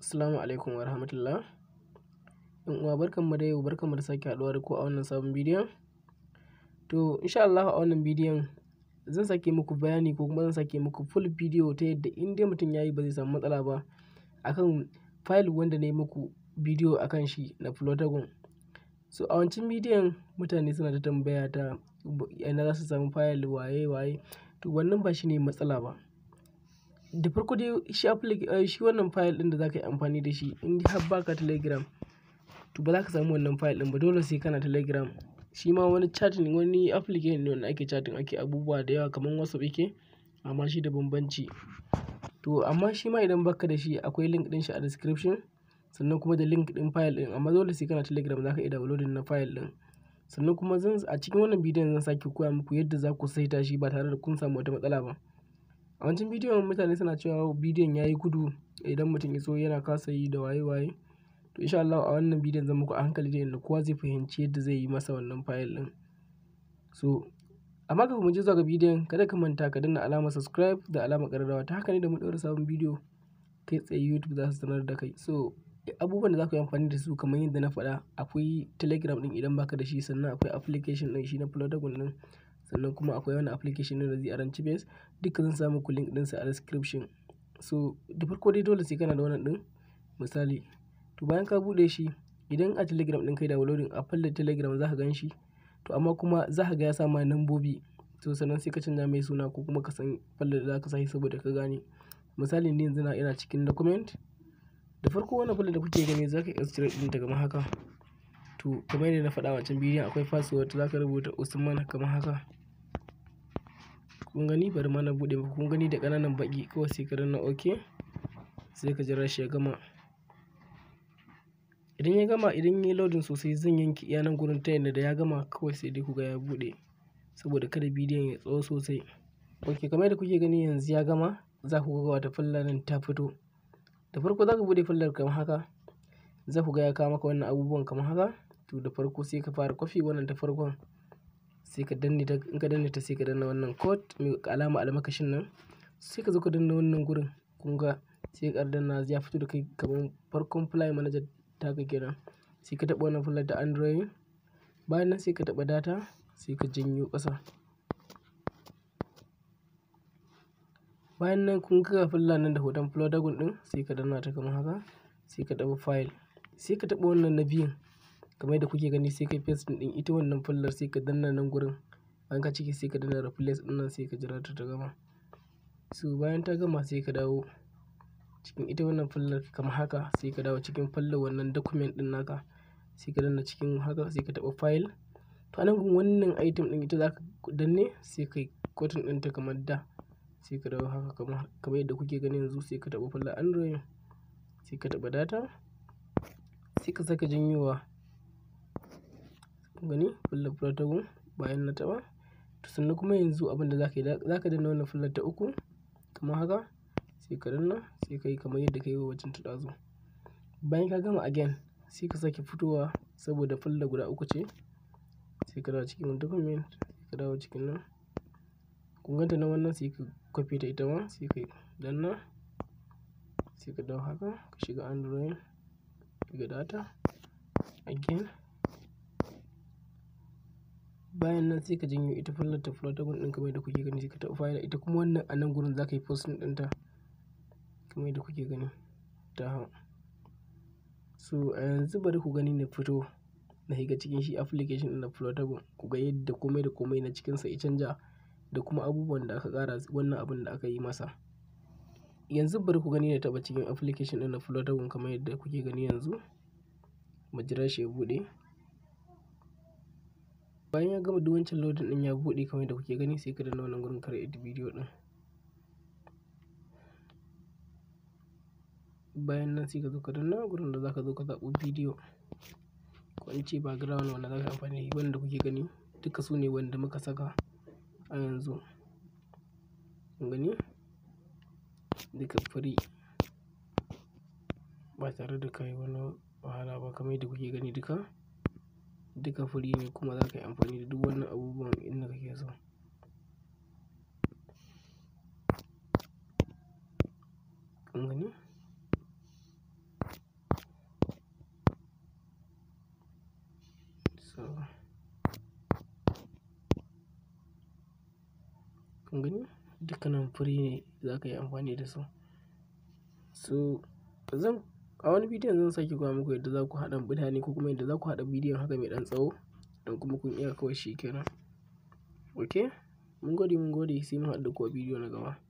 Assalamu alaikum wa rahmatullah. In uwa barkan mu da barkan mu da sake haɗuwa da ku a wannan sabon bidiyon. To, insha Allah a wannan bidiyon zan sake muku bayani ko kuma zan sake muku full bidiyo ta yadda in dai mutum ya yi ba zai samu matsala ba akan fayil wanda na yi muku bidiyo akan shi na Flutter So, a wancan bidiyon mutane suna ta tambaya ta ina za su samu fayil waye waye, to wannan ba shi ne matsala ba. Da farko dai shi applica, eh, shi wannan file ɗin da za ka yi amfani da shi in har baka Telegram to ba za ka samu wannan file ɗin ba dole sai kana Telegram. Shi ma wani chatting wani application ne wanda ake chatting ake abubuwa da yawa kamar WhatsApp yake amma shi da bambanci. To amma shi ma idan baka da shi akwai link ɗin shi a description sannan kuma da link ɗin file ɗin amma dole sai kana Telegram za ka iya downloading na file ɗin. Sannan kuma zan a cikin wannan bidiyon zan sake koya muku yadda za ku saita shi ba tare da kun samu wata matsala ba. A wancan bidiyon mutane suna cewa bidiyon ya yi gudu idan mutum ya so yana kasa yi da waye-waye. To insha Allah a wannan bidiyon zan muku a hankali da kowa zai fahimci yadda zai yi masa wannan fayil ɗin. So amma kafin mu je zuwa ga bidiyon kada ka manta ka danna alamar subscribe da alamar ƙararrawa ta haka ne da mu ɗaura sabon bidiyo kai tsaye YouTube za su sanar da kai. So abubuwan da za ku yi amfani da su kamar yadda na faɗa akwai Telegram din idan baka da shi sannan akwai application ɗin shi na Plotagon ɗin. Sannan kuma akwai wani application na Orange Base duka zan samu ku link dinsa a description. So da farko dai dole sai kana da wannan din misali. To bayan ka bude shi idan a Telegram din kai da loading a fallar Telegram za ka gan shi. To amma kuma za ka ga ya sa ma lambobi. To sannan sai ka canza mai suna ko kuma ka san fallar da za ka sa saboda ka gane. Misali ni yanzu ina cikin document. Da farko wannan fallar da kuke gani za ka iya cire ɗinta daga haka. To kamar yadda na faɗa a wancan bidiyon akwai password za ka rubuta Usman kamar haka. kun gani bari ma na buɗe muku kun gani da kananan baki kawai sai ka danna ok sai ka jira shi ya gama idan ya gama idan ya yi loading sosai zan yanki iya gurin ta yadda da ya gama kawai sai dai kuga ya bude saboda kada bidiyon ya tsawo sosai ok kamar yadda kuke gani yanzu ya gama za ku ga wata falla nan ta fito da farko za ka bude fallar kamar haka za ku ga ya kawo maka wannan abubuwan kamar haka to da farko sai ka fara kwafi wannan ta farkon sai ka danne ta in ka danne ta sai ka danna wannan code mai alama almakashin nan sai ka zo ka danna wannan gurin kun ga sai ka danna ya fito da kai kamar farkon fly manager ka kenan sai ka taɓa wannan fly da android bayan nan sai ka taɓa data sai ka janyo ƙasa bayan nan kun ga fulla nan da hoton flodagon ɗin sai ka danna ta kamar haka sai ka taba file sai ka taɓa wannan na biyun kamar yadda kuke gani sai kai pasting ɗin ita wannan fallar sai ka danna nan gurin an ka ciki sai ka danna replace ɗin nan sai ka jira ta ta gama so bayan ta gama sai ka dawo cikin ita wannan fallar kamar haka sai ka dawo cikin fallar wannan document ɗin naka sai ka danna cikin haka sai ka taɓa file to anan gun wannan item ɗin ita za ka danne sai kai cotton ta kamar da sai ka dawo haka kamar kamar yadda kuke gani yanzu sai ka taɓa fallar android sai ka taɓa data sai ka saka janyowa gani? Bullar fura ta gun bayan na taɓa. To sannan kuma yanzu abin da za ka yi, zaka danna wannan fular ta uku kamar haka sai ka danna sai kai kamar yadda ka yi wa ta dazo Bayan ka gama again sai ka sake fitowa saboda fulla guda uku ce. Sai ka dawo cikin document, sai ka dawo cikin nan. Kun ganta nan wannan sai ka copy ta ita ma sai ka danna sai ka dawo haka ka shiga Android, ka shiga data again. Bayan nan sai ka janyo ita fallar ta Flutter ɗin kamar yadda kuke gani sai ka taɓa file ita kuma wannan a nan gurin za ka yi posting ɗinta kamar yadda kuke gani ta hau. So a yanzu bari ku gani na fito na shiga cikin shi application ɗin na Flutter ku ga yadda komai da komai na cikinsa ya canja da kuma abubuwan da aka ƙara wannan abin da aka yi masa. Yanzu bari ku gani na taɓa cikin application ɗin na Flutter kamar yadda kuke gani yanzu. majira shi ya buɗe. Bayan ya gama duk wancan loading din ya bude kamar yadda kuke gani sai ka danna wannan gurin edit video din Bayan nan sai ka zo ka danna gurin da zaka zo ka zabo video. Ko in ce background wanda zaka ka amfani da wanda kuke gani duka su ne wanda muka saka a yanzu. Kun gani? Duka free ba tare da kai wani wahala ba kamar yadda kuke gani duka. duka fure ne kuma za ka yi amfani da duk wannan abubuwan inda kake so kun gani so dukkanin fure ne za ka yi amfani da su so zan A wani bidiyon zan sake gwa muku yadda za ku haɗa mutane ko kuma yadda za ku haɗa bidiyon haka mai ɗan tsawo don kuma kun iya kawai shi kenan. Ok? Mun gode mun gode sai mu haɗu da ku bidiyo na gaba.